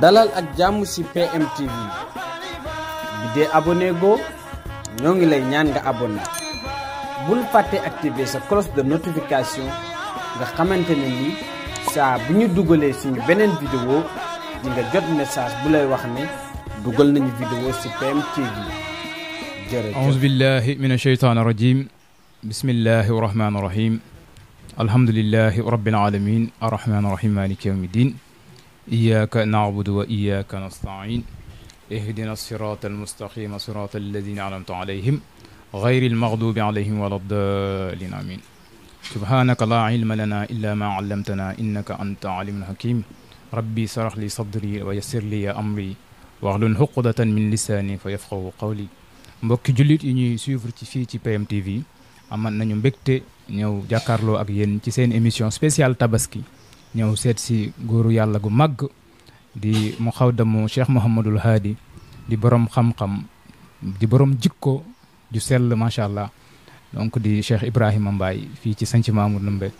dalal ak jàmm ci PMTV bi dee abonné ñoo ngi lay ñaan nga abonné bul fàtte activer sa cloche de notification nga xamante ne ni saa bu ñu dugalee suñu beneen vidéo di nga jot message bu lay wax ne dugal nañu vidéo ci PMTV jërëjëf auzu billahi min asheytaan rajim bismillahi rahmaani rahim الحمد لله رب العالمين الرحمن الرحيم مالك يوم الدين إياك نعبد وإياك نستعين اهدنا الصراط المستقيم صراط الذين أنعمت عليهم غير المغضوب عليهم ولا الضالين آمين سبحانك لا علم لنا إلا ما علمتنا إنك أنت عليم الحكيم ربي سرح لي صدري ويسر لي أمري واحلل عقدة من لساني فيفقه قولي مبكي jullit إني ñuy suivre ci fii ci PMTV aman nañu mbégte ñëw jàkkaarloo ak yéen ci seen émission spéciale tabaski ñëw seet si góoru yàlla gu màgg di mu xaw damu Cheikh Mouhamadul Haadi di borom xam-xam di borom jikko ju sell macha allah donc di Cheikh Ibrahima Mbaye fii ci Santhi Mamour Ndoumbé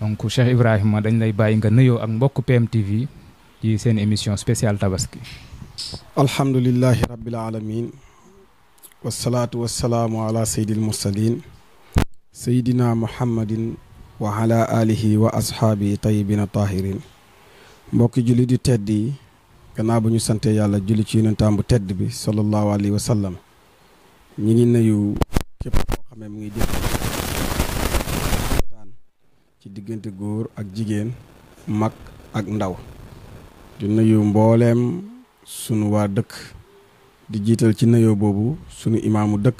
donc Cheikh Ibrahima dañ lay bàyyi nga nuyoo ak mbokk PMTV ci seen émission spéciale tabaski. alhamdulillahi rabbil alamin wasalaatu wasalaamu ala sayyidil mursalin seydina muhammadin wa alihi wa ashaabi tayyibina tahirin mbokki julli di tedd yi gannaaw bu ñu sante yàlla julli ci yonentaam bu tedd bi sallallahu alayhi wa sallam ñi ngi nuyu képp koo xamee mu ngi ci diggante góor ak jigéen mag ak ndaw di nuyu mbooleem sunu waa dëkk di jiital ci nuyoo boobu sunu imaamu dëkk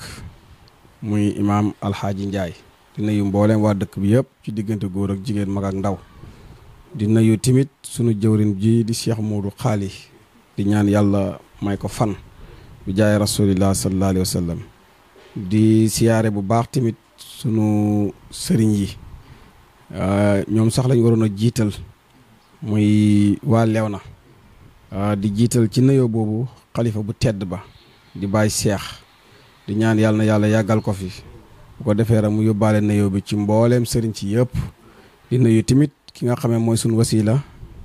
muy imaam alxaaji njaay di nuyu mbooleem waa dëkk bi yëpp ci diggante góor ak jigéen mag ak ndaw di nuyu timit sunu jëwrin ji di Cheikh Modou Xaali di ñaan yàlla may ko fan bu jaay rasulillah sallallahu alayhi wa di siyaare bu baax tamit sunu sëriñ yi euh, ñoom sax lañ waroon a jiital muy waa na euh, di jiital ci nuyoo boobu xalifa bu tedd ba di bàyyi seex di ñaan na yàlla yàggal ko fi ko defee ra mu nayo nuyoo bi ci mbooleem sëriñ ci yépp di nayo timit ki nga xamé moy sun wasila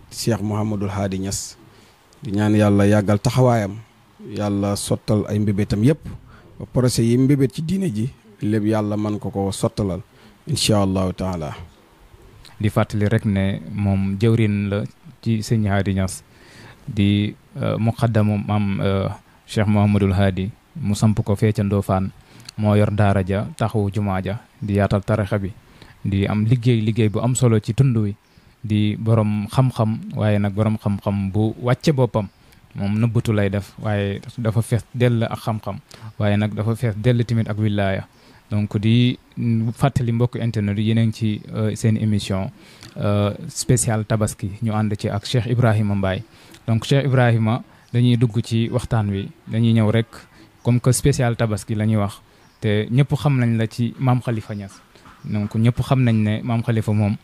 Cheikh Mouhamadul hadi Niass di ñaan yalla yagal taxawayam yalla sotal ay mbébétam yépp ba projet yi mbébét ci diiné ji lepp yalla man ko ko sotalal inshallah taala. di fatali rek ne mom jëwrin la ci sëñ hadi Niass di euh, muqaddamu mam euh, Cheikh Mouhamadul Hadi, mu samp ko fee ca moo yor daara ja taxawu jumaa ja di yaatal tarixa bi di am liggéey liggéey bu am solo ci tund wi di borom xam-xam waaye nag borom xam-xam bu wàcce boppam moom nëbbatu lay def waaye dafa fees dell ak xam-xam waaye nag dafa fees dell tamit ak willaaya donc di fàttali mbokk internet yi yéen ci euh, seen émission euh, spéciale tabaski ñu ànd ci ak Cheikh Ibrahima Mbaye donc Cheikh Ibrahima dañuy dugg ci waxtaan wi dañuy ñëw rek comme que spéciale tabaski la ñuy wax te ñëpp xam nañ la ci maam xalifa Niass donc ñëpp xam nañ ne maam xalifa moom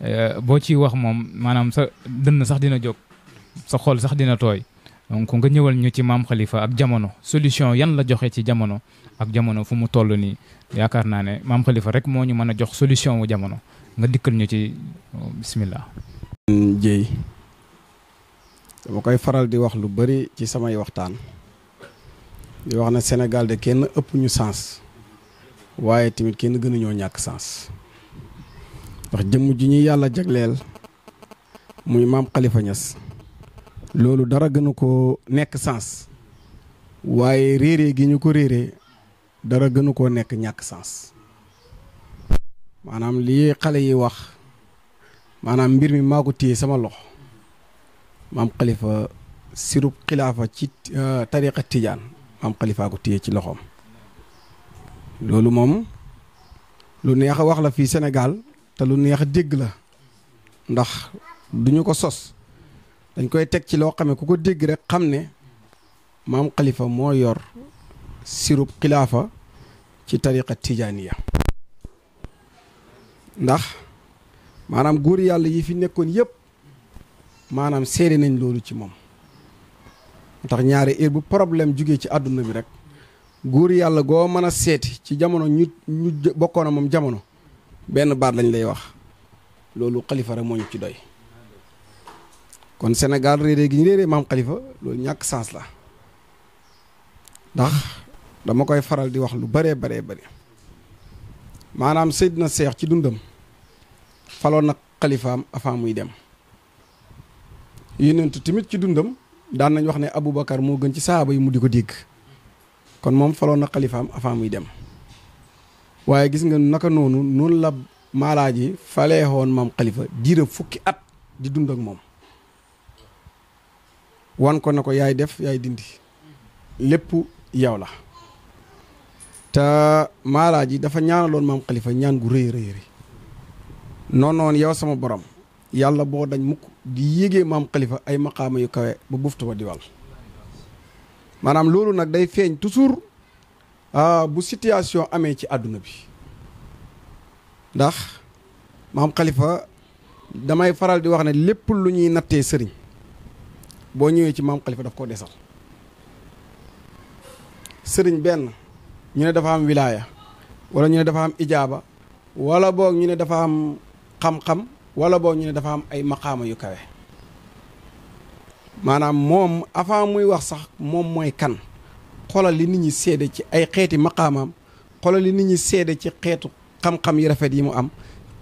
euh, boo ci wax moom maanaam sa dënn sax dina jóg sa xool sax dina tooy donc nga ñëwal ñu ci maam Khalifa ak jamono solution yan la joxe ci jamono ak jamono fu mu toll nii yaakaar naa ne maam xalifa rek moo ñu mën a jox solution wu jamono nga dikkal ñu ci euh, bismillah. Jéy dama koy faral di wax lu bari ci samay waxtaan di wax ne Sénégal de kenn ëpp ñu sens. waaye tamit kenn gënuñoo ñàkk sens ndax jëmm ji ñuy yàlla jagleel muy maam xalifa ñas loolu dara gënu ko nekk sens waaye réeree gi ñu ko réeree dara gënu koo nekk ñàkk sens maanaam lii xale yi wax maanaam mbir mi maa ko téye sama loxo maam xalifa sirub xilaafa ci euh, tariqa tijaan maam Khalifa ko téye ci loxoom. loolu moom lu neex a wax la fii Sénégal te lu neex a dégg la ndax duñu ko sos dañ koy teg ci loo xam ne ku ko dégg rek xam ne maam xalifa moo yor sirub xilaafa ci tariqa ya ndax maanaam góor yàlla yi fi nekkoon yëpp maanaam seede nañ loolu ci moom tax ñaari heure bu problème jugee ci àdduna bi rek góor yàlla goo mën a seeti ci jamono ñu ñu bokkoon moom jamono benn baat lañ lay wax loolu xalifa rek moo ñu ci doy kon Sénégal réeré gi ñu réeré maam xalifa loolu ñàkk sens la ndax dama koy faral di wax lu bëree baree bëri maanaam sedd na Seex ci dundam faloon na xalifaam avant muy dem yonent tamit ci dundam daan nañ wax ne Aboubacar moo gën ci saaba yi mu di ko dégg kon moom faloon na xalifaam avant muy dem waaye gis nga naka noonu noonu la maalaaji faleexoon maam xalifa diira fukki at di dund moom wan ko na ko yaay def yaay dindi lépp yow la te maalaaji dafa ñaanaloon maam xalifa ñaan gu rëy rëy rëy noonu noonu yow sama borom yàlla boo dañ mukk di yégee maam xalifa ay maqaama yu kawe ba buftu wa di maanaam loolu nag day feeñ toujours ah, bu situation amee ci àdduna bi ndax maam xalifa damay faral di wax ne lépp lu ñuy nattee sëriñ boo ñëwee ci maam xalifa daf koo desal sëriñ benn ñu ne dafa am wilaaya wala ñu ne dafa am ijaaba walla boog ñu ne dafa am xam-xam wala boog ñu ne dafa am ay maqaama yu kawe maanaam moom avant muy wax sax moom mooy kan xoolal li nit ñi seede ci ay xeeti maqaamaam xoolal li nit ñi seede ci xeetu xam-xam yi rafet yi mu am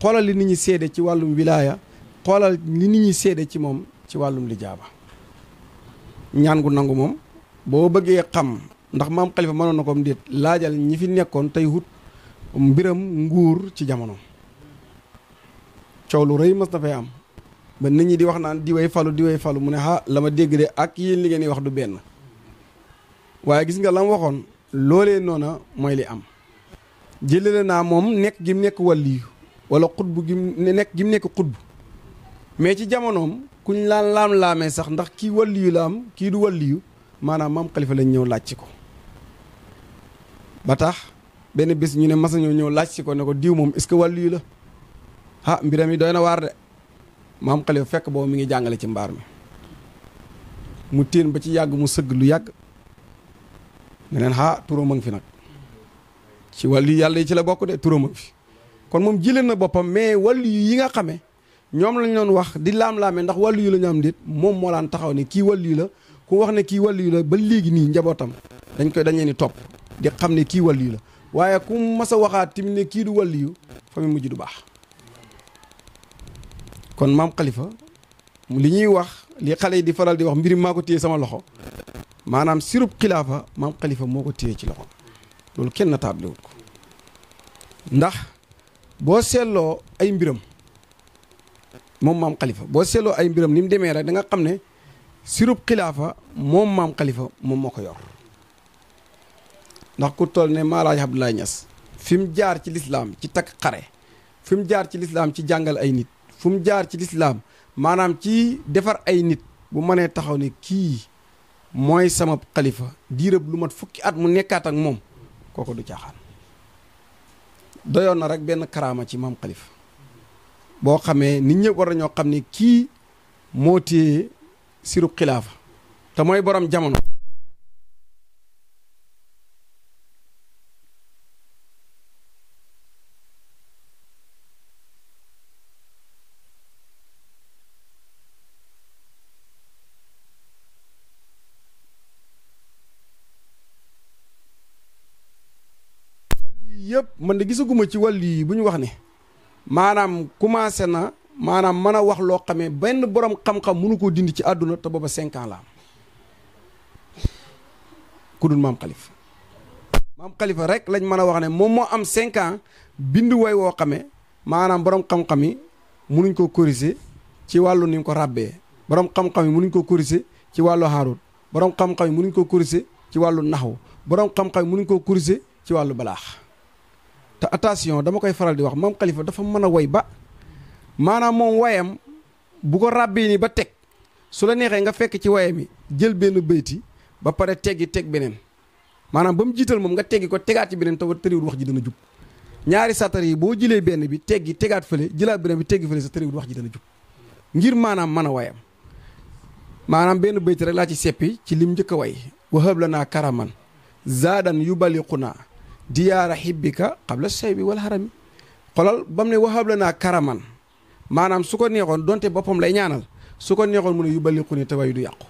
xoolal li nit ñi seede ci wàllum wilaaya xoolal li nit ñi seede ci moom ci wàllum lijaaba ñaan gu nangu moom boo bëggee xam ndax maam xalifa mënoon na ko déet laajal ñi fi nekkoon tey wut mbiram nguur ci jamono coow lu rëy mas fay am ba nit ñi di wax naan di way falu di way falu mu ne ah la ma dégg de ak yéen li ngeen di wax du benn waaye gis nga lam waxoon loolee noona mooy li am. jëlale naa moom nekk gi mu nekk wàlliyu wala xutbu gi mu nekk gi mu nekk xutbu mais ci ku kuñ laan laam laamee sax ndax kii wàlliyu la am kii du wàlliyu maanaam maam xalifa lañ ñëw laaj ci ko. ba tax benn bés ñu ne mas ñoo ñëw laaj ci ko ne ko diw moom est-ce que wàlliyu la ah mbiram yi doy na waar maam Khalifa fekk boobu mu ngi jàngale ci mbaar mi mu téen ba ci yàgg mu sëgg lu yàgg ne leen xaa ah, turam fi nag ci wàllu yàlla yi ci la bokk de turam fi kon moom jëleen na boppam mais wàllu yi nga xamee ñoom lañ doon wax di laam-laamee ndax wàll yu la ñu am déet moom moo laan taxaw ne kii wàllu yu la ku wax ne kii wàllu yu la ba léegi nii njabootam dañ koy dañ ni topp di xam ne kii wàllu yu la waaye ku mas a waxaat tamit ne kii du wàllu yu mujj du baax kon maam Khalifa li ñuy wax li xale yi di faral di wax mbir maa ko téye sama loxo maanaam sirub xilaafa maam Khalifa téye ci loxo loolu ko ndax boo seetloo ay mbiram moom maam Khalifa boo seetloo ay mbiram ni mu demee rek da xam ne sirub xilaafa moom moom moo ko yor ndax ku toll ne Maalaaj Abdoulaye Niass fi mu jaar ci lislaam ci takk xare fi mu jaar ci lislaam ci jàngal ay nit fu jaar ci lislaam maanaam ci defar ay nit bu mënee taxaw ne kii mooy sama xalifa diirëb lu ma fukki at mu nekkaat ak moom kooku du caaxaan doyoon na rek benn karaama ci maam xalifa boo xamee nit ñëpp war nañoo xam ne kii moo téye sirub xilaafa te mooy borom jamono yëpp mën de gisaguma ci wàll yi bu ñu wax ni maanaam commencé na maanaam mën a wax loo xamee benn borom xam-xam mënu koo dindi ci àdduna te booba cinq ans la am ku dul maam rek lañ mën a wax ne moom moo am cinq ans bind way woo xamee maanaam borom xam-xam yi munuñ koo corriger ci wàllu ni mu ko ràbbee borom xam-xam yi munuñ koo corriger ci wàllu haarut borom xam-xam yi munuñ koo corriger ci wàllu naxwu borom xam-xam yi munuñ koo corriger ci wàllu balaax te attention dama koy faral di wax moom Khalifa dafa mën a woy ba maanaam moom wayam bu ko ràbbee ni ba teg su la neexee nga fekk ci wayam yi jël benn bayti ba pare teggi teg beneen maanaam ba mu jiital moom nga teggi ko tegaat ci beneen te tëriwul wax ji dana jub ñaari satar yi boo jëlee benn bi teggi tegaat fële jëlaat beneen bi teggi fële sa tëriwul wax ji dana jub ngir maanaam mën a wayam maanaam benn bayti rek laa ci seppi ci lim njëkk a way wahab la naa karaman zaadan yu naa diyaara hibbika qabla bi wal harami xolal ba mu ne waxab la naa karaman maanaam su ko neexoon donte boppam lay ñaanal su ko neexoon mu ne yuballiqu ni taway du yàqu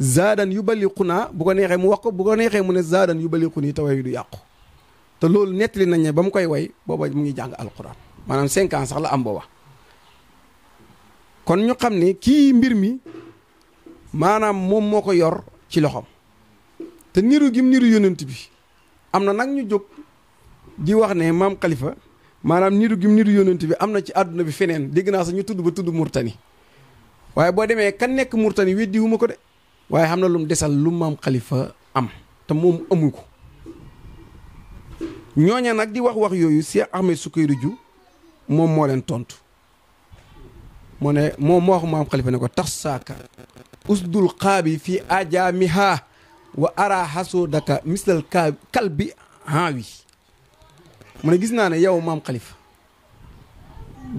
yu yuballiqu naa bu ko neexee mu wax ko bu ko neexee mu ne yu yuballiqu ni taway du yàqu te loolu nettali nañ ne ba mu koy way booba mu ngi jàng alquran maanaam cinq sax la am booba kon ñu xam ne kii mbir mi maanaam moom moo ko yor ci loxoom te niru gim niru yonent bi am na nag ñu jóg di wax ne maam Khalifa maanaam niru gim niru yonent bi am na ci àdduna bi feneen dégg naa sax ñu tudd ba tudd Mourtani waaye boo demee kan nekk Mourtani weddi wu ma ko de waaye xam na lu mu desal lu maam Khalifa am te moom amu ko ñooña nag di wax wax yooyu Cheikh Ahmed Soukayru Ju moom moo leen tontu moo ne moom moo wax maam Khalifa ne ko tax saaka usdul xaabi fii ajaamiha wa ara haso daka mislal ka kal bi haawi mu ne gis naa ne yow maam xalifa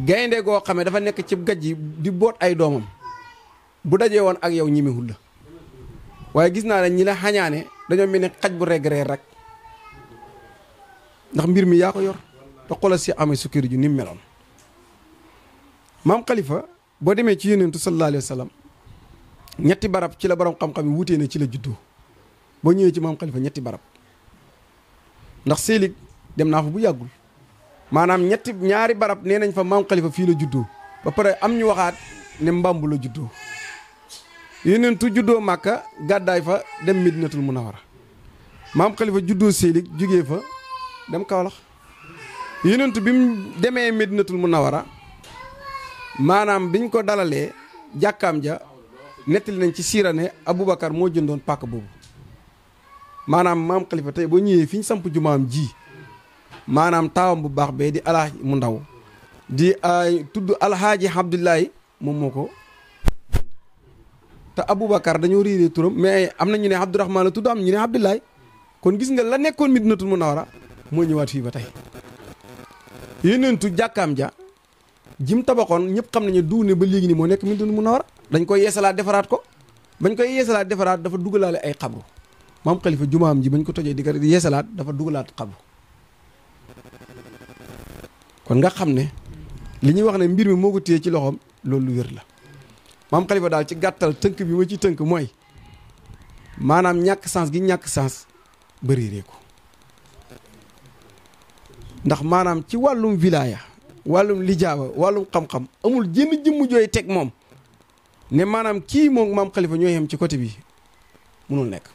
gaynde goo xamee dafa nekk ci gaj yi di boot ay doomam bu dajee woon ak yow ñimewul la waaye gis naa ne ñi la xañaane dañoo mel ne xaj bu regreer rek ndax mbir mi yaa ko yor te xoolal si amee sukkari ju ni meloon maam xalifa boo demee ci yonentu sallallahu alayhi wa ñetti barab ci la borom xam-xam yi wutee ne ci la juddoo boo ñëwee ci maam xalifa ñetti barab ndax Selig dem naa fa bu yàggul maanaam ñetti ñaari barab nee nañ fa maam xalifa fii la juddoo ba pare am ñu waxaat ne mbàmbu la juddoo yeneen tu juddoo màkka gàddaay fa dem Medinatul Munawara maam xalifa juddoo Selig jugee fa dem Kaolack yeneen tu bi mu demee Medinatul Munawara maanaam biñ ko dalalee jàkkaam ja nettali nañ ci siira ne Aboubacar moo jëndoon pàkk boobu maanaam maam xalifa tey boo ñëwee fi ñu samp jumaam jii maanaam taawam bu baax bee di alaaji mu ndaw di tudd alhaaji Abdoulaye moom moo ko te Aboubacar dañoo réeree turam mais am na ñu ne Abdourahman la tudd am ñu ne Abdoulaye kon gis nga la nekkoon Madinatul Munawwara moo ñëwaat fii ba tey yeneentu jàkkaam ja jim tabaxoon ñëpp xam nañu duune ba léegi ni moo nekk Madinatul Munawwara dañ koy yeesalaat defaraat ko bañ koy yeesalaat defaraat dafa dugalaale ay xabru maam xalifa jumaam ji bañ ko tojee di ko yeesalaat dafa dugalaat xabu kon nga xam ne li ñuy wax ne mbir mi moo ko téye ci loxoom loolu lu wér la maam xalifa daal ci gàttal tënk bi ma ci tënk mooy maanaam ñàkk sens gi ñàkk sens bëri ko ndax maanaam ci wàllum wilaaya wàllum lijaaba wàllum xam-xam amul jënn jëmm jooy teg moom ne maanaam kii moom maam xalifa ñoo yem ci côté bii munul nekk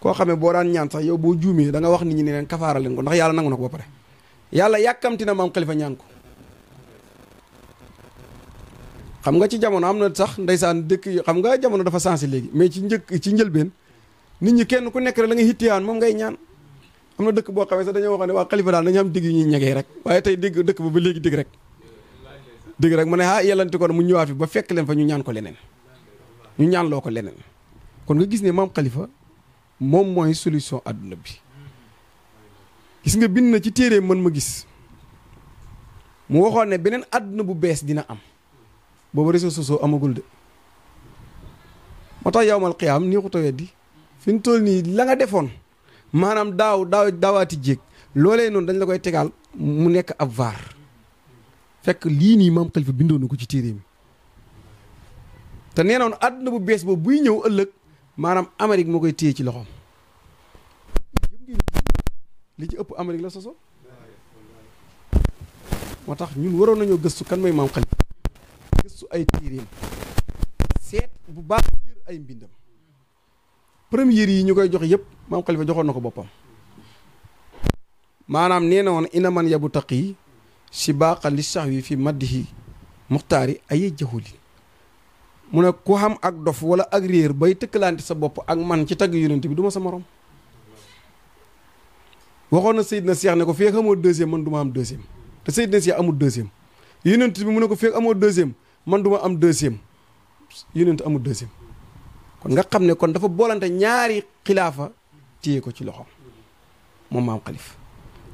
koo xamee boo daan ñaan sax yow boo juumee da nga wax nit ñi ne leen kafaara leen ko ndax yàlla ko ba yàlla yàkkamti na maam xalifa xam nga ci jamono am na sax ndeysaan dëkk xam nga jamono dafa sensé léegi mais ci njëkk ci njëlbeen nit ñi kenn ku nekk rek la nga hittiyaan moom ngay ñaan am na dëkk boo xamee sax dañoo waxoon ne waa xalifa daal am digg yu ñuy ñegee rek tey dégg dëkk ba ba léegi digg rek dëgg rek mu ne ah yellanti ko mu ñëwaat fi ba fekk leen fa ñu ñaan ko leneen ñu ñaan ko leneen kon nga gis ne maam xalifa moom mooy solution àdduna bi gis nga bind na ci téere mën ma gis mu waxoon ne beneen àdduna bu bees dina am booba réseaux soso amagul de moo tax yawmal qiyaam nii xuta di fi mu toll nii la nga defoon maanaam daaw daaw daawaati jéeg loole noonu dañ la koy tegaal mu nekk ab vaar fekk lii nii maam xalifa bindoon na ko ci téere mi te nee noon àdduna bu bees boobu buy ñëw ëllëg maanaam Amérique moo koy téye ci loxoom. li ci ëpp Amérique la soso moo tax ñun waroon nañoo gëstu kan mooy maam Khalifa gëstu ay tiireem seet bu baax jër ay mbindam première yi ñu koy jox yëpp maam Khalifa joxoon na ko boppam maanaam nee na woon inaman yabu yi si baaxal li sax wi fi yi muxtaari aye jahuli mu ne ku xam ak dof wala ak réer bay tëkkalante sa bopp ak man ci tagg yonent bi duma ma sa morom waxoon na Seydina Cheikh ne ko fii amoo deuxième man du am deuxième te Seydina Cheikh amul deuxième yonent bi mu ne ko fii amoo deuxième man du ma am deuxième yonent amul deuxième kon nga xam ne kon dafa boolante ñaari xilaafa téye ko ci loxo moom maam xalif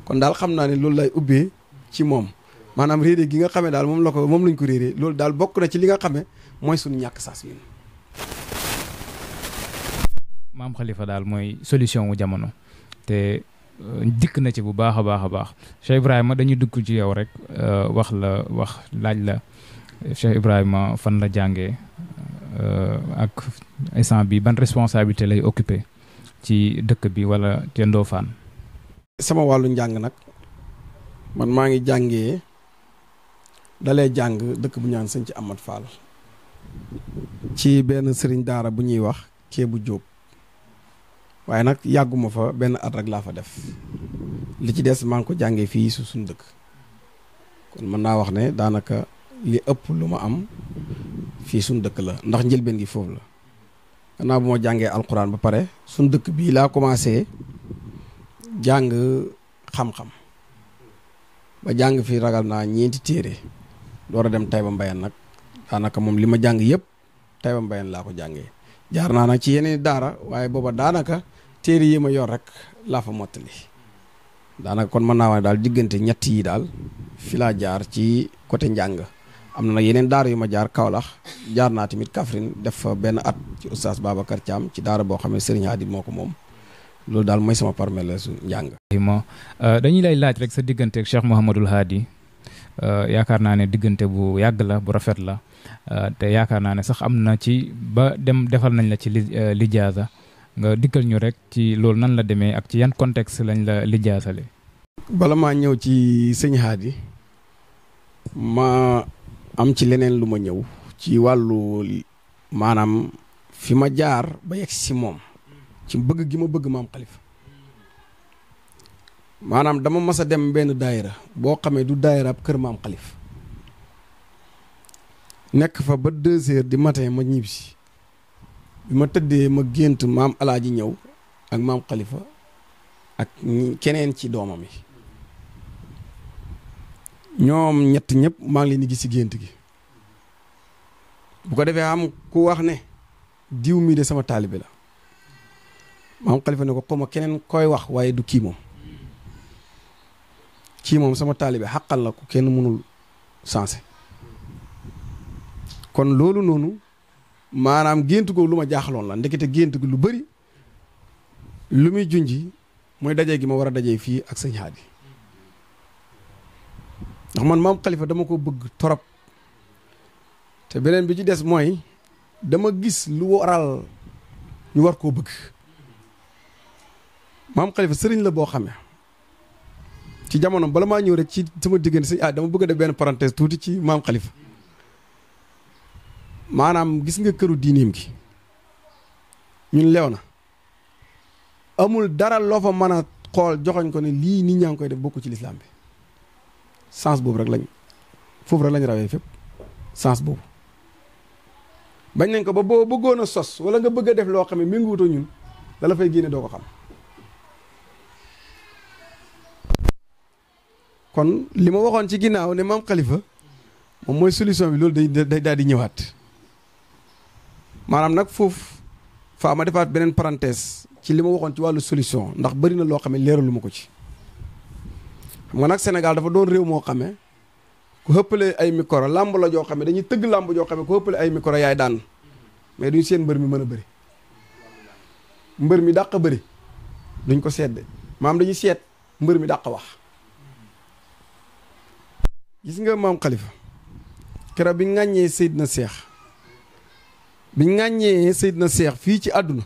kon daal xam naa ni loolu lay ubbee ci moom maanaam réeré gi nga xamee daal moom la ko moom lañ ko réeré loolu daal bokk na ci li nga xamee mooy suñu ñàkk saas ñun. maam Khalifa daal mooy solution wu jamono te euh, dikk na ci bu baax a baax a baax Cheikh Ibrahima dañuy dugg ci yow rek euh, wax la wax laaj la Cheikh Ibrahima fan la jànge euh, ak instant bi ban responsabilité lay occupé ci dëkk bi wala te Ndofane. sama wàllu njàng nag man maa ngi jàngee dalee jàng dëkk bu ñaan sëñ ci Amath Fall. ci benn sëriñ daara bu ñuy wax Kébu Jóob waaye nag yàgguma fa benn at rek laa fa def li ci des maa ngi ko jàngee fii su suñu dëkk kon mën naa wax ne daanaka li ëpp lu ma am fii suñu dëkk la ndax njëlbeen gi foofu la xanaa bu ma jàngee alxuraan ba pare suñu dëkk bii laa commencé jàng xam-xam ba jàng fii ragal naa ñeenti téere door a dem Tayba mbayan nag daanaka mom lima jang yep yëpp Taïba Mbayeen laa ko jàngee jaar na na ci yeneen dara waye boba danaka téré yi yor rek la fa motali danaka kon man na wa dal diggante ñett yi dal fi la jaar ci côté jang amna yeneen jaar kaolax jaar na timit def ben at ci oustaz Babacar Thiam ci dara bo xamé Serigne Hadi moko mom moom dal moy sama parmela su njàng euh, dañuy lay laaj rek sa diggante Cheikh mohamadul Hadi euh, yaakaar naa ne diggante bu yàgg la bu rafet Euh, te yaakaar naa ne sax am na ci ba dem defal nañ la ci li euh, lijaasa nga dikkal ñu rek ci loolu nan la demee ak ci yan contexte lañ la lijaasale bala maa ñëw ci sëñ Hady ma am ci leneen lu ma ñëw ci wàllu maanaam fi ma jaar ba yegg si moom ci bëgg gi ma bëgg maam xalifa maanaam dama mas a dem benn daayira boo xamee du daayira ab kër maam xalif nekk fa ba deux di du ma ñibbisi bi ma tëddee ma gént maam alaaji ñëw ak maam xalifa ak keneen ci doomam yi ñoom ñett ñëpp maa ngi leen di gis ci gént gi bu ko defee am ku wax ne diw mii de sama taalibe la maam xalifa ne ko xawma keneen koy wax waaye du kii moom kii moom sama taalibe xaqal la ku kenn mënul sensé kon lolu nonu manam gentu ko luma ma la ndekete gentu gu lu beuri lumi junji moy dajje gi ma wara dajje fi ak seigne hadi ndax man mam Khalifa dama ko beug torop te benen bi ci des moy dama gis lu waral ñu war ko beug mam Khalifa serigne la bo xamee ci jamono bala ma ñew rek ci sama digeene seigne ah dama bëgg de ben parenthèse touti ci mam Khalifa. maanaam gis nga këru diineem gi ñun lew na amul dara loo fa mën a xool joxoñ ko ne lii nit ñaa ngi koy def bokku ci lislaam bi sens boobu rek lañ foofu rek lañu rawee fépp sens boobu bañ nañ ko ba boo bëggoon a sos wala nga bëgg a def loo xam ne mi ngi wutoo ñun la la fay génne doo ko xam kon li ma waxoon ci ginnaaw ne maam Khalifa moom mooy solution bi loolu day day daal di ñëwaat maanaam nag foofu faa ma defaat beneen parenthèse ci li ma waxoon ci wàllu solution ndax bëri na loo xam ne leeralu ma ko ci xam nga nag Sénégal dafa doon réew moo xamee ku xëppale ay micro làmb la joo xam ne dañuy tëgg làmb joo xam ne ku xëppale ay micro yaay daan mais duñ seen mbër mi mën a bëri mbër mi dàq bëri duñ ko sedd maam dañuy seet mbër mi dàq wax gis nga maam Khalifa keroog bi ŋàññee na Seex biñ ŋàññee Seydina Cheikh fi ci aduna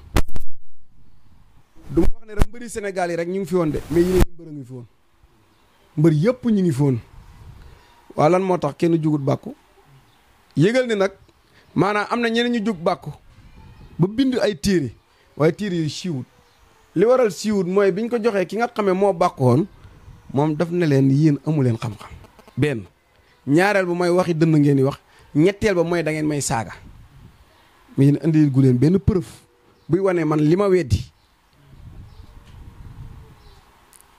dum ma wax ne rek mbëri Sénégal yi rek ñu fi woon de mais yeneen mbër a ngi fi woon mbër yëpp ñu ngi fi woon waa lan moo tax kenn jugut bàkku yëgal ne nag maanaam am na ñeneen ñu jug bàkku ba bind ay téere waaye amule yu siiwut li waral siiwut mooy biñ ko joxee ki nga xamee moo bàkkoon daf amu xam-xam waxi ngeen wax ba da ngeen may mi yéen indi gu benn preuve buy wanee man li ma weddi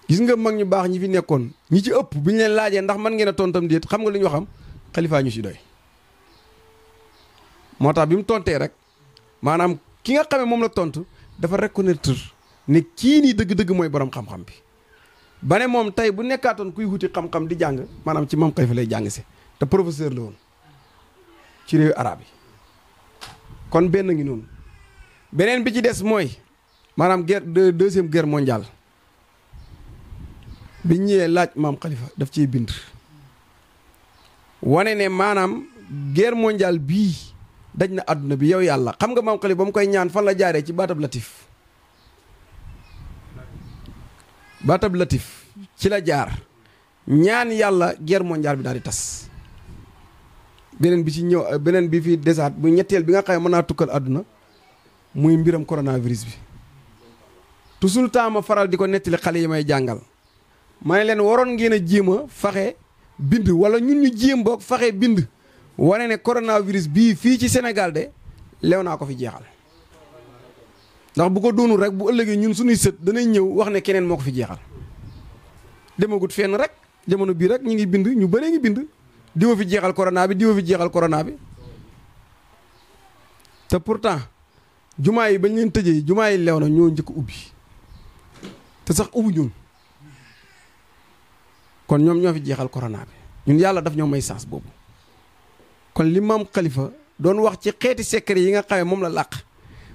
gis nga mag ñu baax ñi fi nekkoon ñi ci ëpp bu ñu leen laajee ndax man ngeen tontam déet xam nga li ñu waxam xalifaa ñu si doy moo tax bi mu tontee rek maanaam ki nga xamee moom la tontu dafa reconnaître ne kii nii dëgg-dëgg mooy borom xam-xam bi ba moom tey bu nekkaatoon kuy wuti xam-xam di jàng maanaam ci moom xalifa lay jàng si te professeur la woon ci réewu arabe yi kon benn ngi noonu beneen bi ci des mooy maanaam guerre de deuxième guerre mondiale bi ñëwee laaj maam Khalifa daf ciy bind. wane ne maanaam guerre mondiale bii daj na àdduna bi yow yàlla xam nga maam Khalifa ba mu koy ñaan fan la jaaree ci baatab latif baatab latif ci la jaar ñaan yàlla guerre mondiale bi daal di tas. beneen bi ci ñëw beneen bi fi desaat bu ñetteel bi nga xam ne mën naa tukkal àdduna muy mbiram coronavirus bi toujours ma faral di ko nettali xale yi may jàngal ma ne leen waroon ngeen a jéem a faxe bind wala ñun ñu jéem ba faxe bind wane ne coronavirus bii fii ci Sénégal de lew naa ko fi jeexal ndax bu ko doonul rek bu ëllëgee ñun suñuy sët danay ñëw wax ne keneen moo ko fi jeexal demagut fenn rek jamono bii rek ñu ngi bind ñu bëree ngi bind diwa fi jeexal corona bi diwa fi jeexal corona bi te pourtant jumaa yi bañ leen tëjee jumaa yi lew na ñoo njëkk ubbi te sax ubu ñun kon ñoom ñoo fi jeexal corona bi ñun yàlla daf ñoo may sens boobu kon li maam xalifa doon wax ci xeeti secret yi nga xamee moom la làq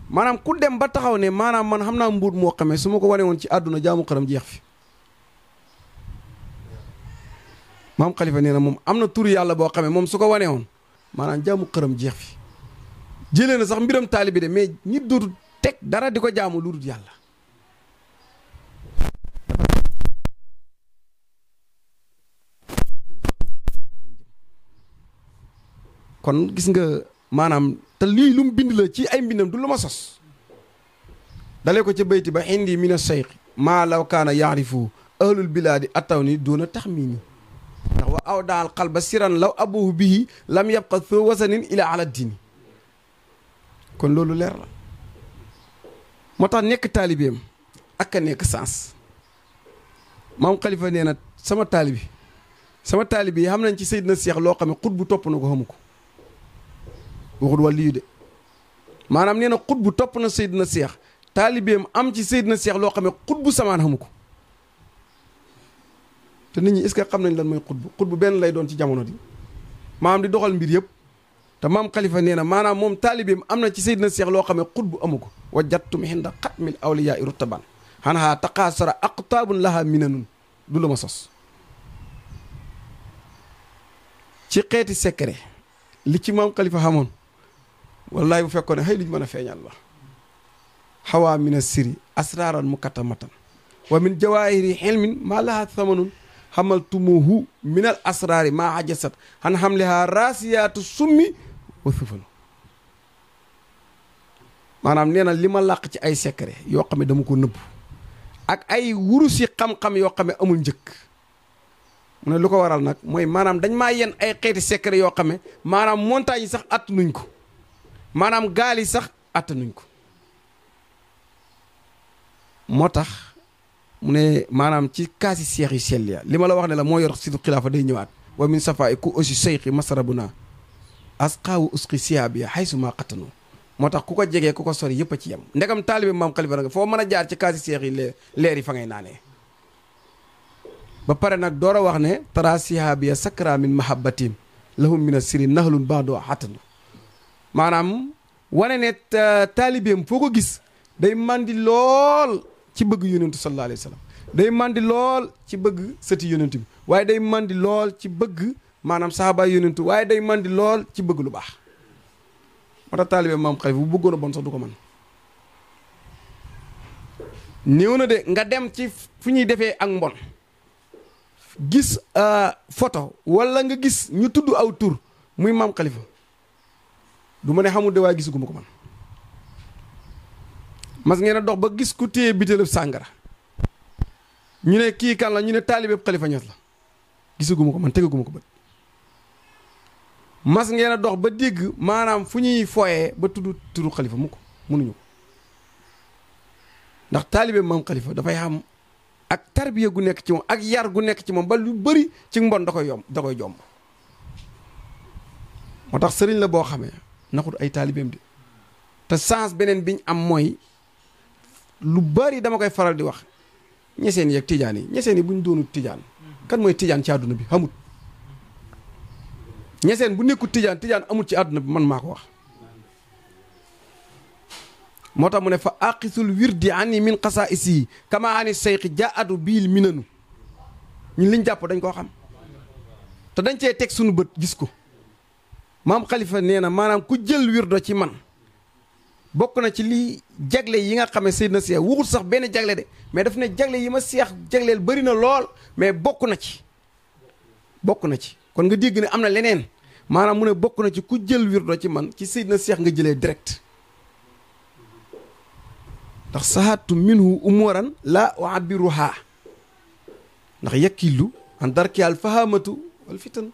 maanaam ku dem ba taxaw ne maanaam man xam naa mbuut moo xamee su ma ko wane woon ci àdduna jaamu xaram jeex fi maam Khalifa nee na moom am na tur yàlla boo xamee moom su ko wane woon maanaam jaamu xëram jeex fi jëlee na sax mbiram taalibi de mais nit dootul teg dara di ko jaamu lu dul yàlla. kon gis nga maanaam te lii lu mu bind la ci ay mbindam du lu ma sos. dalee ko ca bayti ba indi mina seyx maa law kaana yaarifu ahlul bilaadi ataw ni doona tax mii ndax wa awdaa al qalba siran law abuhu bihi lam yabqa soo wasanin ila ala dini kon loolu leer la moo tax nekk taalibeem ak a nekk sens maam xalifa nee na sama taalibi sama taalibi yi xam nañ ci Seydina Seex loo xam ne xut bu topp na ko xamu ko waxut wàllu yu de maanaam nee na xut bu topp na Seydina Seex taalibeem am ci Seydina Seex loo xam ne xut bu samaan xamu ko te nit ñi est xam nañ lan mooy xutbu xutbu benn lay doon ci jamono di maam di doxal mbir yëpp te maam xalifa nee na maanaam moom taalibeem am na ci Seydina Seex loo xam ne xutbu amu ko wa jattum hinda xatmil awliyaa i ruttaban xanaa taqaasara aqtaabun laha minanun du la ma sos ci xeeti secret li ci maam xalifa xamoon wallaay bu fekkoon ne xëy luñ a feeñal la xawaa mina siri asraaran mukatamatan wa min jawaahiri xilmin maa laha hamaltumuhu minal asrari ma hajasat han hamliha rasiyatu summi wa sufal maanaam nee na li ma làq ci ay secret yoo xam ne dama ko nëbb ak ay wurusi xam-xam yoo xam ne amul njëkk mu ne lu ko waral nag mooy maanaam dañ maa yenn ay xeeti secret yoo xam ne maanaam montagne yi sax attanuñ ko maanaam gaal yi sax attanuñ ko moo tax mune manam ci kasi seex ya lima la wax ne la mo yor sidu khilafa day ñewat wa min safa iku aussi seyxi masrabuna naa asqaawu usqi siyaab ya xaysu maa xattanu moo kuko sori yëpp ci yam ndegam taalibe mam khalifa nga fo meuna jaar ci kasi seex le leer yi fa ngay nané ba paré nak doora wax ne tara sakra min mahabbatim lahum min asri nahlun ba'du xattanu manam wane ne taalibeem gis day mandi lol ci bëgg yonentu sallallahu alayhi wa sallam day màndi lool ci bëgg sëti yonentu bi waaye day màndi lool ci bëgg maanaam sahabaay yonentu waaye day mandi lool ci bëgg lu baax moo tax taalibe maam xalifa bu bëggoon bon sax du ko mën néew na de nga dem ci fu ñuy defee ak mbon gis euh, photo wala nga gis ñu tudd aw tur muy maam xalifa du ma ne xamul de waaye gisuguma ko man mas ngeen a dox ba gis ku téye bitéelub sàngara ñu ne kii kan la ñu ne taalibeeb Xalifa Ñas la gisaguma ko man tegaguma ko bët mas dox ba dégg maanaam fu ñuy fooye ba tudd turu Xalifa mu ko mënuñu ko ndax taalibeeb maam Xalifa dafay am ak tarbiya gu nekk ci moom ak yar gu nekk ci moom ba lu bari ci mbon da koy yomb da koy jomb moo tax sëriñ la boo xamee naxut ay taalibeem de te sens beneen bi ñu am mooy lu bari dama koy faral di wax ñeseen yi ak yi ñeseen yi bu ñu doonul tijaan kan mooy tijaan ci àdduna bi xamut ñeseen bu nekkul tijaan tijaan amut ci àdduna bi man maa ko wax moo tax mu ne fa aqisul wirdi ani min xasaa isi kama ani seyqi ja adu biil minanu ñun liñ jàpp dañ koo xam te dañ cee teg suñu bët gis ko maam xalifa nee na maanaam ku jël wirdo ci man bokk na ci lii jagle yi nga xam ne na Cheikh waxul sax benn jagle de mais daf ne jagle yi ma Cheikh jagleel bëri na lool mais bokk na ci bokk na ci kon nga dégg ne am na leneen maanaam mu ne bokk na ci ku jël wirdo ci man ci na seex nga jëlee direkt ndax sahaatu minhu umuran la uabiruha ndax yakillu ndax darki al fahamatu wal fitan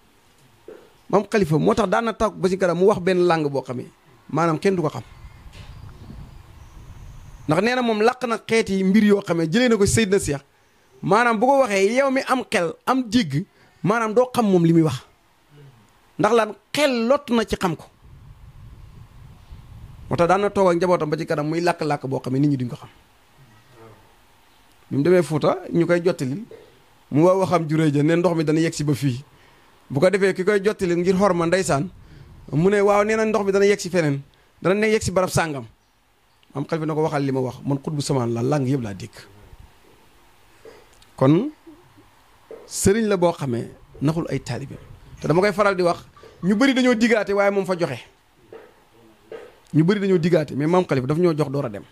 xalifa moo tax daan na tàggu ba ci kanam mu wax benn langue boo xamee maanaam kenn du ko xam ndax nee na moom laq na xeeti mbir yoo xam ne jëlee na ko Seydina Cheikh maanaam bu ko waxee yow mi am xel am jégg maanaam doo xam moom li muy wax ndax lan xel lott na ci xam ko moo tax daan na toog ak njabootam ba ci kanam muy làkk-làkk boo xam ne nit ñi duñ ko xam bi mu demee Fuuta ñu koy jottali mu waa waxam juré ja ne ndox mi dana yegg si ba fii bu ko defee ki koy jottali ngir ma ndeysaan mu ne waaw nee na ndox mi dana yegg si feneen dana ne yegg si barab sàngam Am xalifa nako waxal lima wax man bu la lang yeb la dik kon serigne la bo xamé naxul ay talibé té dama koy faral di wax ñu bari dañu digaté waye mom fa joxé ñu bari dañu digaté mais mam daf ñoo jox doora dem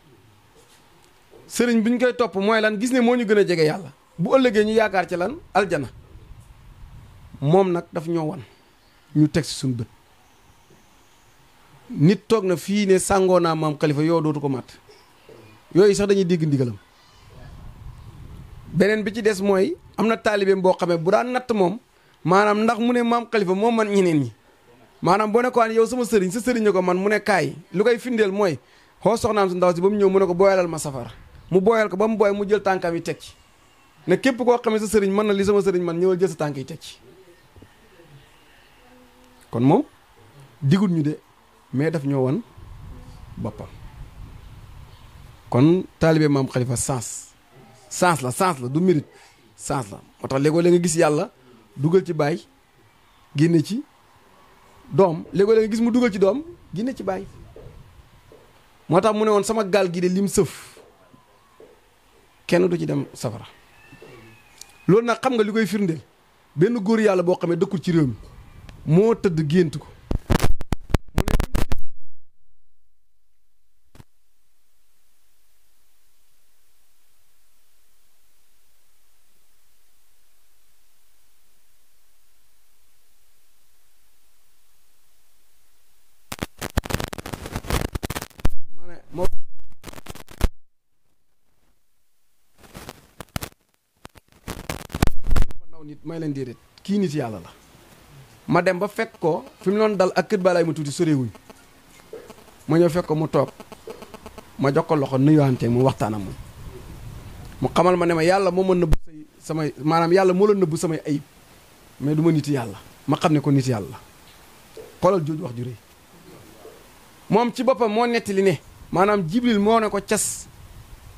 serigne buñ koy top moy lan gis né moo ñu gën bu ëllëgé ñu yaakar ci lan aljana mom nak daf ñoo wan ñu tek ci bëtt nit toog na fii ne sàngoo naa maam xalifa yoo dootu ko màtt yooyu sax dañuy dégg ndigalam beneen bi ci des mooy am na taalibeem boo xamee bu daan natt moom maanaam ndax mu ne maam xalifa moom man ñeneen ñi maanaam boo ne ko yow sama sëriñ sa ko man mu ne kaay lu koy findeel mooy xoo soxnaam su ndaw si ba mu ñëw mu ne ko booyalal ma safara mu booyal ko ba mu booy mu jël tànkam yi teg ci ne képp koo xamee sa sëriñ man na li sama sëriñ man ñëwal jël sa tànk yi mais daf ñoo wan boppam kon taalibe maam xalifa sens sens la sens la du mérite sens la moo tax léegoo la nga gis yàlla dugal ci baay génne ci doom léegoo la nga gis mu dugal ci doom génne ci baay moo tax mu ne woon sama gaal gi de lim sëf kenn du ci dem safara loolu nag xam nga li koy firndeel benn góor yàlla boo xamee dëkkul ci réew mi moo tëdd gént ko leen déedéet kii nit yàlla la ma dem ba fekk ko fi mu loon dal ak kër balaay ma tuuti sorewuñ ma ñëw fekk ko mu toog ma jox ko loxo nuyuwante mu waxtaan ak moom mu xamal ma ne ma yàlla moo ma nëbb say samay maanaam yàlla moo la nëbb samay ayib mais du ma nit yàlla ma xam ne ko nit yàlla xoolal jooju wax ju moom ci boppam moo li ne maanaam jibril moo ne ko cas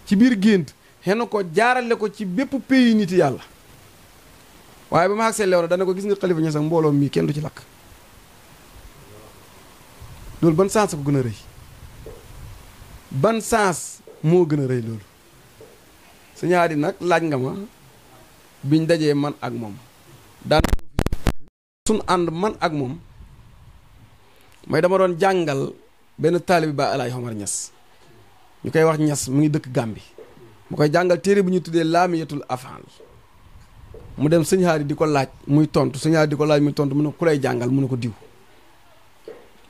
ci biir gént xenu ko jaarale ko ci bépp pays nit yàlla waaye ba ma àggsee Léona dana ko gis nga Xalifa Ñas ak mbooloo mii kenn du ci lakk loolu ban sens ko gën a rëy ban sens moo gën a rëy loolu su ñaari nag laaj nga ma biñ dajee man ak moom daan suñ ànd man ak moom mooy dama doon jàngal benn taalibi ba alaay Omar Ñas ñu koy wax Ñas mu ngi dëkk Gàmbi mu koy jàngal téere bu ñu tuddee laamiyatul afal mu dem sëñ xaari di ko laaj muy tontu sëñ xaari di ko laaj muy tontu mu ne ku lay jàngal mu ne ko diw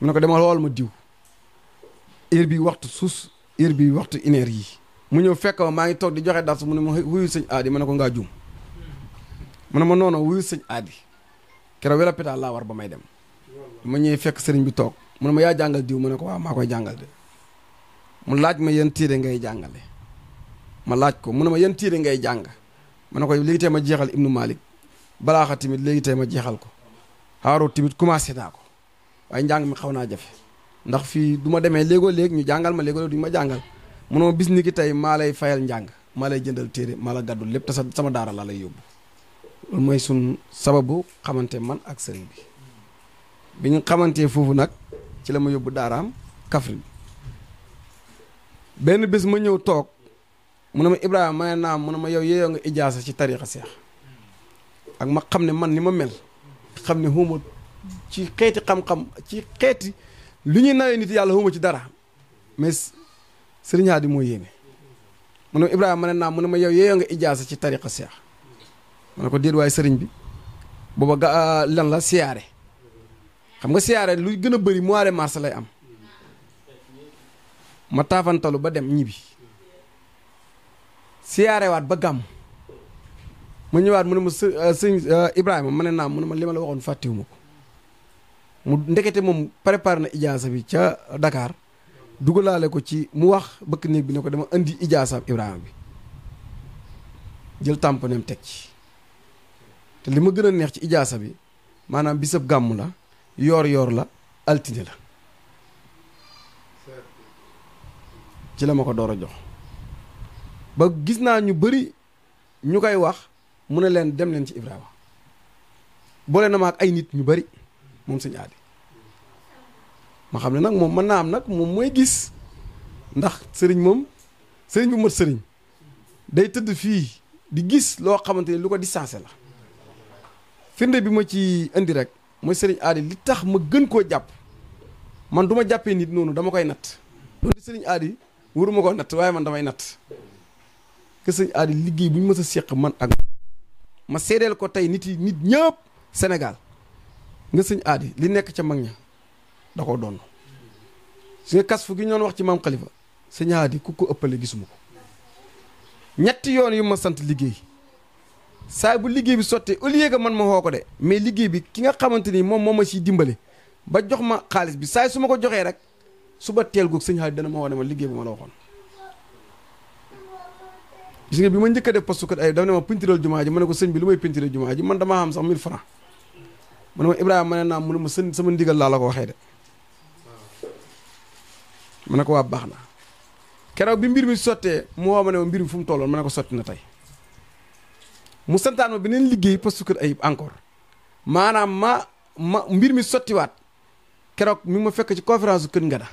mu ne ko demal xool ma diw heure bi waxtu suus heure bi waxtu une heure yi mu ñëw fekk ma maa ngi toog di joxe dars mu ne ma wuyu sëñ aadi ma ne ko ngaa juum mu ne ma noonu wuyu sëñ aadi keroog wér hôpital laa war ba may dem ma ñëwee fekk sëriñ bi toog mu ne ma yaa jàngal diw mu ne ko waaw maa koy jàngal de mu laaj ma yan téere ngay jàngale ma laaj ko mu ne ma yan téere ngay jàng ma ne ko léegi tey ma jeexal ibnu balaa balaaxa tamit léegi tey ma jeexal ko xaaroo tamit commencé naa ko waaye njàng mi xaw naa jafe ndax fii du ma demee léegoo léeg ñu jàngal ma léegoo léeg du ñu ma jàngal munoo bis ni ki tey maa lay fayal njàng maa lay jëndal téere maa la gàddul lépp te sama daara laa lay yóbbu loolu mooy sun sababu xamante man ak sëriñ bi bi xamantee foofu nag ci la ma yóbbu daaraam Kaffrine benn bis ma ñëw toog mun ne ma Ibrahima may naa mu a ma yow yeeyoo nga ijaasa ci tariixa seex ak ma xam ne man ni ma mel xam ne xuma ci xeeti xam-xam ci xeeti lu ñuy nawee nit yàlla xuma ci dara mais sëriñ Hadi moo yéeme mu ne ma Ibrahima ne naa mu ne ma yow yeeyoo nga ijaasa ci tariixa seex ma ne ko déet waaye sëriñ bi booba ga euh, lan la siyaare xam nga siyaare lu gën a bëri mois de mars lay am ma taafantalu ba dem ñibbi. siyaarewaat ba gàmm ma ñëwaat mu ne ma së euh, euh, Ibrahima ma ne naa mu ne ma li ma la waxoon fàttiwu ma ko mu ndekete moom préparé na ijaasa bi ca Dakar dugalaale ko ci mu wax bëkk néeg bi ne ko dama indi ijaasa Ibrahima bi jël tamponeem teg ci te li ma gën a neex ci ijaasa bi maanaam bisab gàmmu la yoor yoor la altine la ci la ma ko door a jox ba gis naa ñu bari ñu koy wax mu ne leen dem leen ci Ibrahima boole na ma ak ay nit ñu bari moom sëñ aadi ma xam ne nag moom mën naa am nag moom mooy gis ndax sëriñ moom sëriñ bu mat sëriñ day tëdd fii di gis loo xamante ni lu ko distancé la firnde bi ma ci indi rek mooy sëriñ aadi li tax ma gën koo jàpp man du ma jàppee nit noonu dama koy natt loolu sëriñ aadi waruma koo nat waaye man damay nat que sëñ aadi liggéey bu ñu mës a séq man ak ma seedeel ko tey nit yi nit ñëpp Sénégal nga sëñ aadi li nekk ca mag ña da koo donn su nga kas fu gi ñoon wax ci maam Khalifa sëñ aadi ku ko ëppale gisuma ko ñetti yoon yu ma sant liggéey saa bu liggéey bi sottee au lieu que man ma xoo ko de mais liggéey bi ki nga xamante ni moom moo ma siy dimbale ba jox ma xaalis bi saa su ma ko joxee rek suba teel goog sëñ aadi dana ma woo ne ma liggéey bi ma la waxoon gis bi ma njëkk a def postu kat ay daf ne ma pintiral jumaa ji ma ne ko sëñ bi lu may pintiral jumaa ji man damaa xam sax 1000 francs ma ne ma Ibrahima ma ne naa mu ne ma sëñ sama ndigal laa ko waxee de ma ne ko waa baax na keroog bi mbir mi sottee mu woo ma ne ma mbir mi fu mu tolloon ma ne ko sotti na tey mu santaan ma beneen liggéey postu kër ayib encore maanaam ma ma mbir mi sottiwaat keroog mi ma fekk ci conférence kën nga Ngada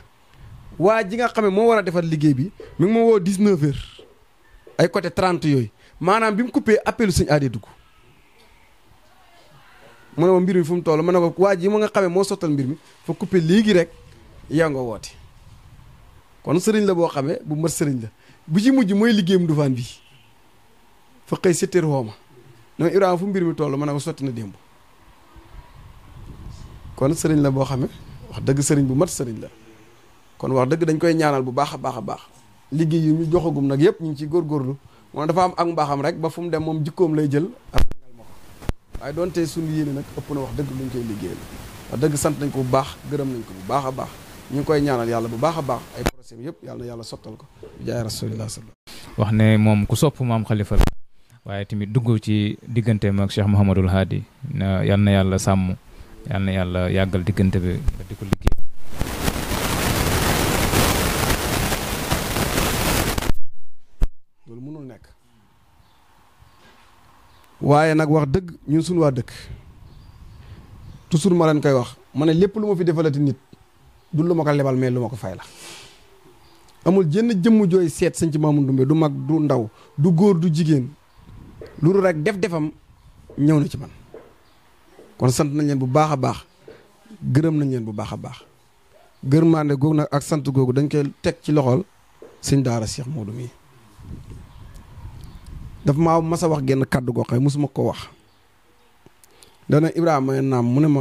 waa ji nga xam ne moo war a defar liggéey bi mu ngi ma woo 19 ay côté 30 yooyu maanaam bi mu kuppee appelu sëñ aadee dugg mu ne ma mbir mi fu mu toll ma ne ko waa ji ma nga xame moo sottal mbir mi fa coupé léegi rek yaa nga woote kon sëriñ la boo xamee bu mat sëriñ la bu ci mujj mooy liggéeyam dufaan bi fa xëy setteer xooma ne ma fu mbir mi toll ma ne ko sotti na démb kon sëriñ la boo xamee wax dëgg sëriñ bu mat sëriñ la kon wax dëgg dañ koy ñaanal bu baax a baax a baax liggéey yu joxagum nag yëpp ñu ngi ciy góorgóorlu moom dafa am ak mbaaxam rek ba fu mu dem moom jikkoom lay jël ak jàngal ma waaye doonte suñu yéene nag ëpp na wax dëgg luñ koy liggéeyal wax dëgg sant nañ ko bu baax gërëm nañ ko bu baax a baax ñu koy ñaanal yàlla bu baax a baax ay procès yëpp yàlla yàlla sottal ko jaay rasulillah sallallahu wax ne moom ku sopp maam xalifa la waaye tamit dugg ci digganteem ak Cheikh Mouhamadul Haadi na yal na yàlla sàmm yal na yàlla yàggal diggante bi ko liggéey waaye nag wax dëgg ñun suñu waa dëkk toujours ma leen koy wax ma ne lépp lu ma fi defalati nit du lu ma ko lebal mais lu ma ko fay la amul jënn jëmm jooy seet sëñ ci Mamoune Ndoumbé du mag du ndaw du góor du jigéen lu dul rek def defam ñëw na ci man kon sant nañ leen bu baax a baax gërëm nañ leen bu baax a baax gërëmaande googu nag ak sant googu dañ koy teg ci loxool sëñ daara Cheikh Modou mii daf ma mas a wax genn kaddu go xey musuma ko wax dana Ibrahima naam mu ne ma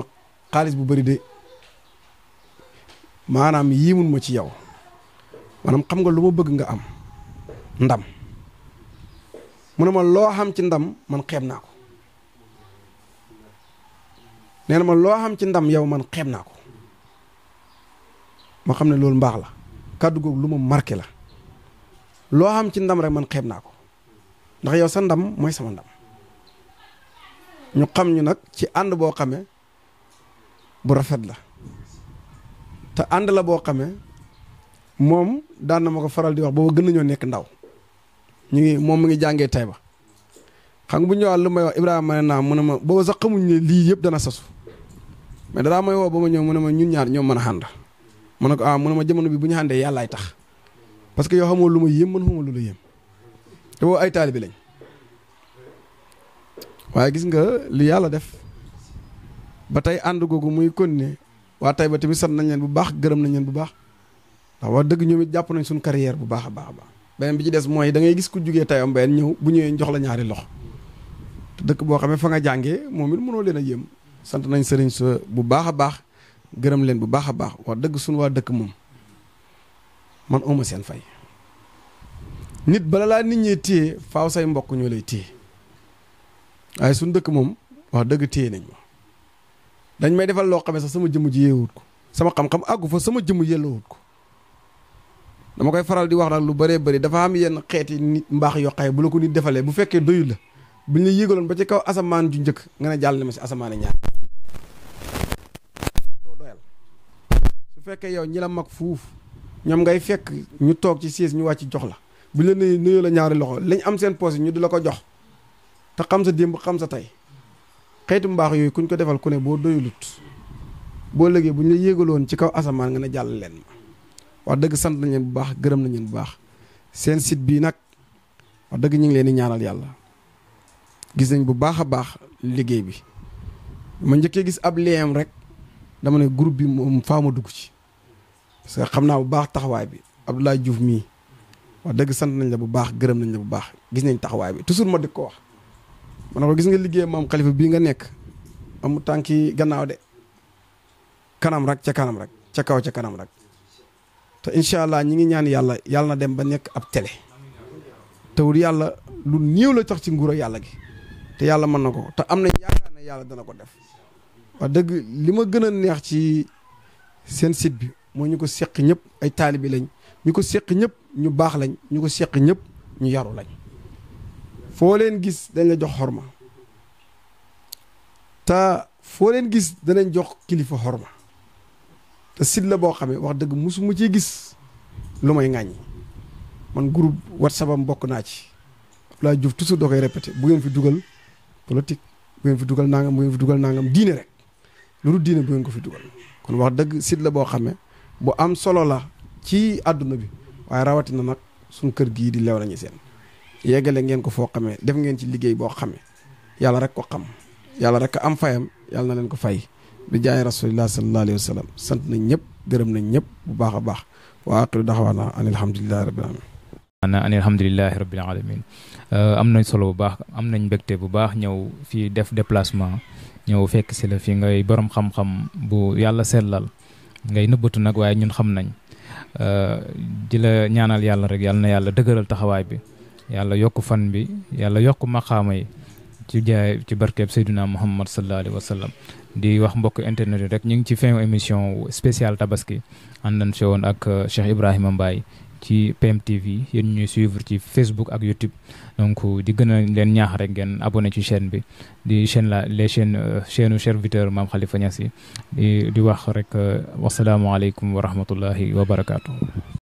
xaalis bu bëri de manam yimun ma ci yaw manam xam nga luma bëgg nga am ndam mu ne ma loo xam ci ndam man xeeb ko ma lo xam ci ndam yaw man xeeb ma xamne ne mbax la kaddu go luma marqué la lo xam ci ndam rek man ndax yow sa ndam mooy sama ndam ñu xam ñu nag ci ànd boo xamee bu rafet la te ànd la boo xamee moom daan na ma ko faral di wax booba gën nañoo nekk ndaw ñu ngi moom mi ngi jàngee tay ba xam nga bu ñëwaat lu may wax Ibrahima ma ne naa mu ne ma booba sax xamuñ ne lii yëpp dana sasu mais danaa may woo ba ma ñëw mun ne ma ñun ñaar ñoom mën a ànd ma ne ko ah mun a ma jamono bi bu ñu àndee yàllaay tax parce que yow xamoo lu ma yéem man xamoo lu la yéem te boobu ay taalibi lañ waaye gis nga li yàlla def ba tey ànd googu muy continuer waa tey ba tamit sant nañ leen bu baax gërëm nañ leen bu baax ndax wax dëgg ñoom it nañ suñu carrière bu baax bah baax a baax beneen bi ci des mooy da ngay gis ku jugee tey am benn ñëw bu ñëwee jox la ñaari lox te dëkk boo fa nga jàngee moom it mënoo yëm sant nañ sëriñ sa bu baax bah. baax gërëm leen bu baax bah. baax wax dëgg suñu waa dëkk moom man uma seen fay nit bala laa nit ñee téye faaw say mbokk ñoo lay téye waaye suñ dëkk moom wax dëgg téye nañ ma dañ may defal loo xamee sax sama jëmm ji yeewut ko sama xam-xam àggu fa sama jëmm yellawut ko dama koy faral di wax nag lu bëree bëri dafa am yenn xeeti nit mbaax yoqaay bu la ko nit defalee bu fekkee doyul la buñ la yéegaloon ba ci kaw asamaan ju njëkk nga ne jàll na ma si asamaan ñaar doo doyal su fekkee yow ñi la mag fuuf ñoom ngay fekk ñu toog ci siis ñu wàcc jox la bu la nuyu nuyoo la ñaari loxo lañ am seen poos ñu di la ko jox te xam sa démb xam sa tey xeetu mbaax yooyu kuñ ko defal ku ne boo doyulut boo léegi bu ñu la yéegaloon ci kaw asamaan nga ne jàll leen ma wax dëgg sant nañ leen bu baax gërëm nañeen bu baax seen sit bii nag wax dëgg ñu ngi leen di ñaanal yàlla gis nañ bu baax a baax liggéey bi ma njëkkee gis ab liem rek dama ne groupe bi moom faa ma dugg ci parce xam naa bu baax taxawaay bi Abdoulaye Diouf mii wax deug sant nañ la bu baax gëreem nañ la bu baax gis nañ taxaway bi toujours ma di ko wax ma ne ko gis nga liggéey mom khalifa bi nga nek amu tanki gannaaw de kanam rak ca kanam rak ca kaw ca kanam rak te inshallah ñi ngi ñaan yalla yalla na dem ba nek ab télé tewul yalla lu néew la tax ci nguro yalla gi te yalla man na ko te am na yaakaar ne yalla dana ko def wa lima lima gëna neex ci sen site bi mo ñuko sekk ñep ay talibi lañ ñuko sekk ñep ñu baax lañ ñu ko seq ñépp ñu yaru lañ foo leen gis dañ la jox xorma te foo leen gis danañ jox kilifa xorma te sit la boo xamee wax dëgg musuma ciy gis lu may ŋàññi man groupe whatsapp am bokk naa ci laa Diouf toujours doo koy répété bu ngeen fi dugal politique bu fi dugal nangam bu fi dugal nangam diine rek lu dul diine bu ko fi dugal kon wax dëgg sit la boo xamee bu am solo la ci àdduna bi waaye rawatina nag suñ kër gii di lew lañu seen yeggale ngeen ko foo xamee def ngeen ci liggéey boo xamee yàlla rek ko xam yàlla rek am fayam yàlla na leen ko fay bi jaay rasulillah sallallahu alayhi wa sallam sant nañ ñëpp gërëm nañ ñëpp bu baax a baax wa aqiru daxawaana an alhamdulilahi rabbil alamin ana an alhamdulilahi rabbil alamin euh, am nañ solo bu baax am nañ mbégte bu baax ñëw fii def déplacement ñëw fekk si la fii ngay boroom xam-xam bu yàlla sellal ngay nëbbatu nag waaye ñun xam nañ di la ñaanal yàlla rek yàlla na yàlla dëgëral taxawaay bi yàlla yokk fan bi yàlla yokk maqaama yi ci jaay ci barkeeb Seydina Muhammad sallallahu alayhi wa sallam di wax mbokk internet yi rek ñu ngi ci fin émission spéciale tabaski àndan si woon ak Cheikh Ibrahima Mbaye ci PMTV yéen ñuy suivre ci Facebook ak YouTube donc di gën a leen ñaax rek ngeen abonné ci chaîne bi di chaîne la les chaînes euh, chaîne serviteur Maam Khalifa Niass di wax rek euh, wasalaamaaleykum wa rahmatullahi wa